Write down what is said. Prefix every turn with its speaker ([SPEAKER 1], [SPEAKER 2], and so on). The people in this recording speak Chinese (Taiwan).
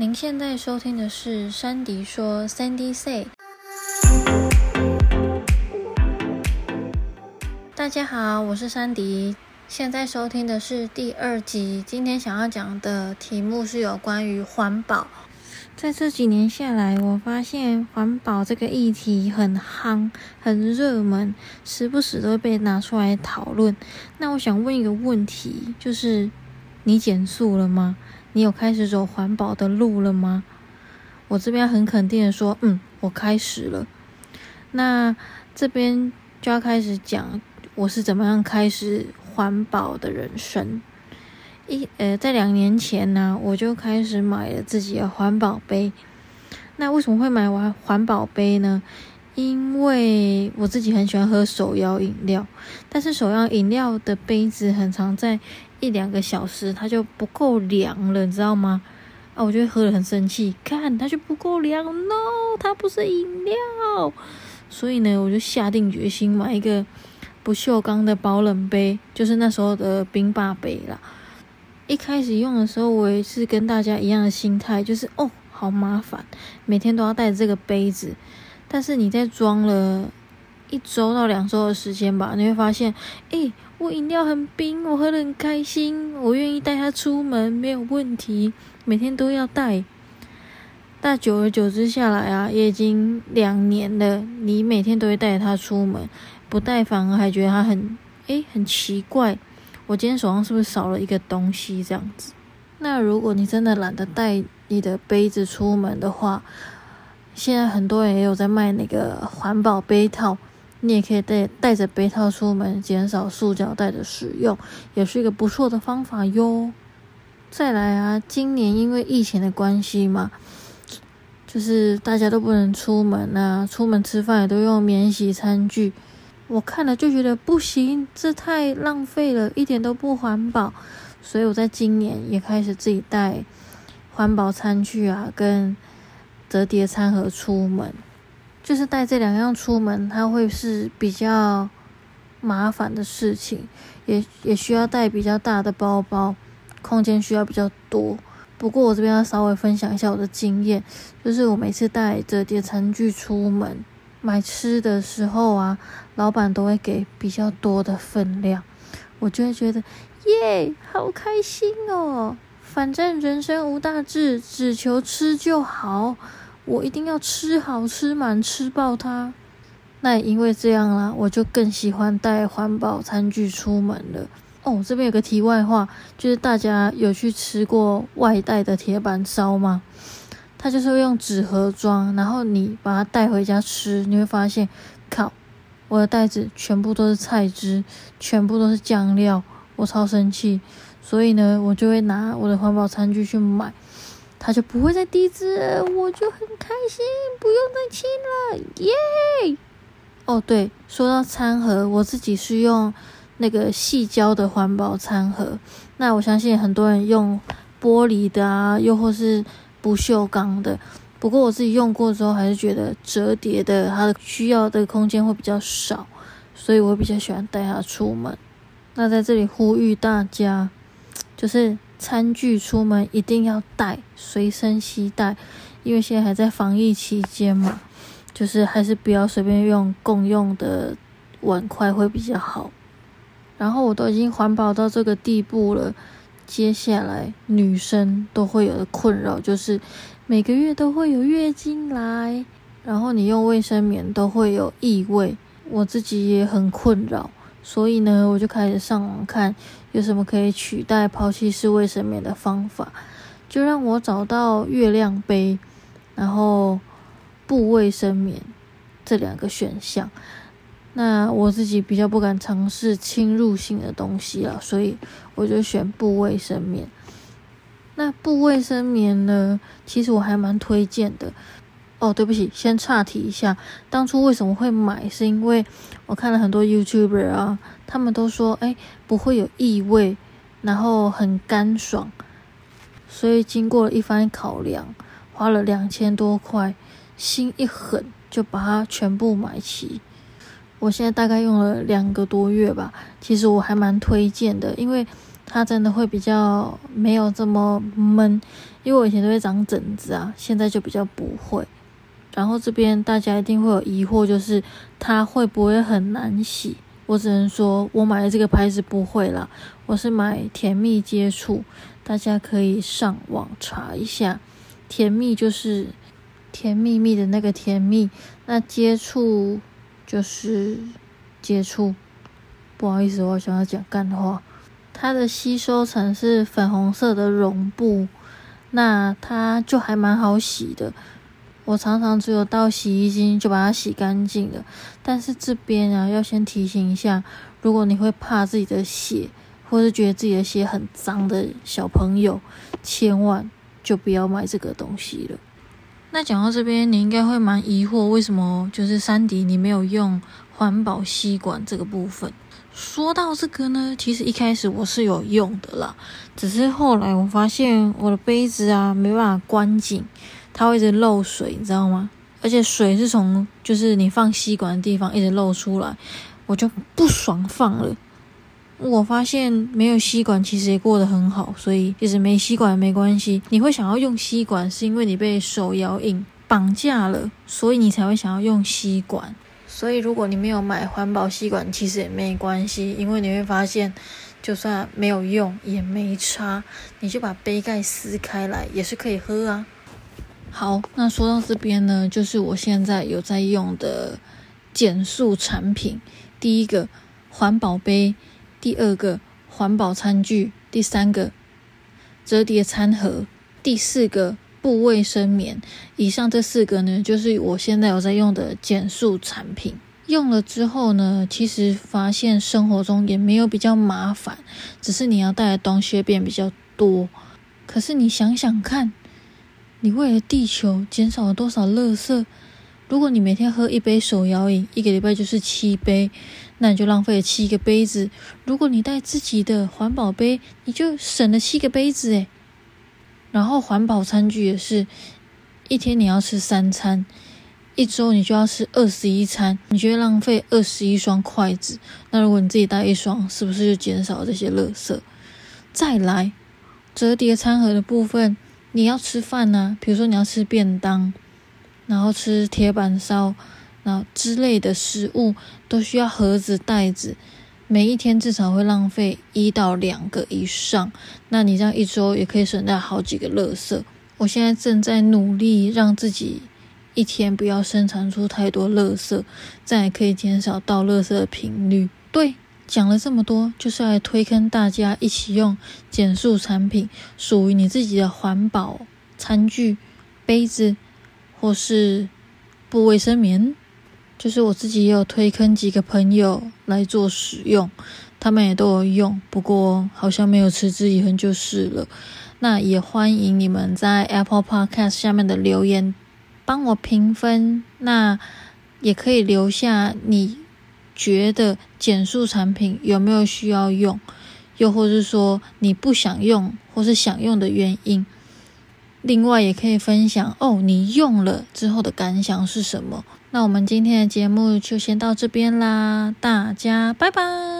[SPEAKER 1] 您現在收聽的是珊迪說 （Sandy Say）。大家好，我是珊迪。現在收聽的是第二集。今天想要講的題目是有關於環保。在這幾年下來，我發現環保這個議題很夯、很熱門，時不時都被拿出來討論。那我想問一個問題，就是你減塑了嗎？你有開始走環保的路了嗎？我這邊很肯定的說，嗯，我開始了。那這邊就要開始講我是怎麼樣開始環保的人生。一呃，在兩年前呢，啊，我就開始買了自己的環保杯。那為什麼會買完環保杯呢？因為我自己很喜歡喝手搖飲料，但是手搖飲料的杯子很常在。一兩個小時它就不夠涼了，你知道嗎？啊，我就會喝得很生氣，看它就不夠涼哦，No，它不是飲料，所以呢，我就下定決心買一個不鏽鋼的保冷杯，就是那時候的冰霸杯啦。一開始用的時候，我也是跟大家一樣的心態，就是哦，好麻煩，每天都要帶着這個杯子。但是你在裝了。一周到兩週的時間吧，你會發現，誒、欸、我飲料很冰，我喝得很開心，我願意帶它出門，沒有問題，每天都要帶。但久而久之下來啊，也已經兩年了，你每天都會帶它出門，不帶反而還覺得它很，誒、欸、很奇怪。我今天手上是不是少了一個東西？這樣子。那如果你真的懶得帶你的杯子出門的話，現在很多人也有在賣那個環保杯套。你也可以帶帶着杯套出門，減少塑膠袋的使用，也是一個不錯的方法喲。再來啊，今年因為疫情的關係嘛，就是大家都不能出門啊，出門吃飯也都用免洗餐具，我看了就覺得不行，這太浪費了，一點都不環保，所以我在今年也開始自己帶環保餐具啊，跟折疊餐盒出門。就是帶這兩樣出門，它會是比較麻煩的事情，也也需要帶比較大的包包，空間需要比較多。不過我這邊要稍微分享一下我的經驗，就是我每次帶摺疊餐具出門買吃的時候啊，老闆都會給比較多的分量，我就會覺得耶，好開心哦！反正人生無大志，只求吃就好。我一定要吃好、吃滿、吃爆它，那也因為這樣啦，我就更喜歡帶環保餐具出門了。哦，這邊有個題外話，就是大家有去吃過外帶的鐵板燒嗎？它就是用紙盒裝，然後你把它帶回家吃，你會發現，靠，我的袋子全部都是菜汁，全部都是醬料，我超生氣。所以呢，我就會拿我的環保餐具去買。他就不會再滴汁，我就很開心，不用再清了，耶！哦，對，說到餐盒，我自己是用那個矽膠的環保餐盒，那我相信很多人用玻璃的啊，又或是不鏽鋼的。不過我自己用過之後，還是覺得折疊的它的需要的空間會比較少，所以我比較喜歡帶它出門。那在這裡呼籲大家，就是。餐具出門一定要帶，隨身攜帶，因為現在還在防疫期間嘛，就是還是不要隨便用共用的碗筷會比較好。然後我都已經環保到這個地步了，接下來女生都會有的困擾，就是每個月都會有月經來，然後你用衛生棉都會有異味，我自己也很困擾。所以呢，我就開始上網看有什麼可以取代拋棄式衛生棉的方法，就讓我找到月亮杯，然後布衛生棉這兩個選項。那我自己比較不敢嘗試侵入性的東西了，所以我就選布衛生棉。那布衛生棉呢，其實我還蠻推薦的。哦，對不起，先岔題一下。當初為什麼會買？是因為我看了很多 YouTuber 啊，他們都說，哎，不會有異味，然後很乾爽。所以經過了一番考量，花了兩千多塊，心一狠就把它全部買齊。我現在大概用了兩個多月吧，其實我還蠻推薦的，因為它真的會比較沒有這麼悶。因為我以前都會長疹子啊，現在就比較不會。然後這邊大家一定會有疑惑，就是它會不會很難洗？我只能說我買的這個牌子不會啦，我是買甜蜜接觸，大家可以上網查一下。甜蜜就是甜蜜蜜的那個甜蜜，那接觸就是接觸。不好意思，我想要講乾的話，它的吸收層是粉紅色的絨布，那它就還蠻好洗的。我常常只有倒洗衣機就把它洗乾淨了，但是這邊啊要先提醒一下，如果你會怕自己的血，或是覺得自己的血很髒的小朋友，千萬就不要買這個東西了。那講到這邊，你應該會蠻疑惑，為什麼就是珊迪你沒有用環保吸管這個部分？說到這個呢，其實一開始我是有用的啦，只是後來我發現我的杯子啊沒辦法關緊。它會一直漏水，你知道嗎？而且水是從就是你放吸管的地方一直漏出來，我就不爽放了。我發現沒有吸管其實也過得很好，所以其實沒吸管也沒關係。你會想要用吸管，是因為你被手搖飲綁架了，所以你才會想要用吸管。所以如果你沒有買環保吸管，其實也沒關係，因為你會發現就算沒有用也沒差，你就把杯蓋撕開來也是可以喝啊。好，那說到這邊呢，就是我現在有在用的減塑產品第一個環保杯，第二個環保餐具，第三個折疊餐盒，第四個布衛生棉。以上這四個呢，就是我現在有在用的減塑產品。用了之後呢，其實發現生活中也沒有比較麻煩，只是你要帶的東西變比較多。可是你想想看。你為了地球減少了多少垃圾？如果你每天喝一杯手搖飲，一個禮拜就是七杯，那你就浪費了七個杯子。如果你帶自己的環保杯，你就省了七個杯子。誒，然後環保餐具也是，一天你要吃三餐，一周你就要吃二十一餐，你就會浪費二十一雙筷子。那如果你自己帶一雙，是不是就減少了這些垃圾？再來，折疊餐盒的部分。你要吃飯呢、啊，比如說你要吃便當，然後吃鐵板燒，然後之類的食物，都需要盒子袋子，每一天至少會浪費一到兩個以上。那你這樣一周也可以省掉好幾個垃圾。我現在正在努力讓自己一天不要生產出太多垃圾，這樣也可以減少倒垃圾的頻率。對。講了這麼多，就是要來推坑大家一起用減塑產品，屬於你自己的環保餐具、杯子，或是布衛生棉。就是我自己也有推坑幾個朋友來做使用，他們也都有用，不過好像沒有持之以恆就是了。那也歡迎你們在 Apple Podcast 下面的留言，幫我評分。那也可以留下你。覺得減塑產品有沒有需要用，又或是說你不想用或是想用的原因，另外也可以分享哦，你用了之後的感想是什麼？那我們今天的節目就先到這邊啦，大家拜拜。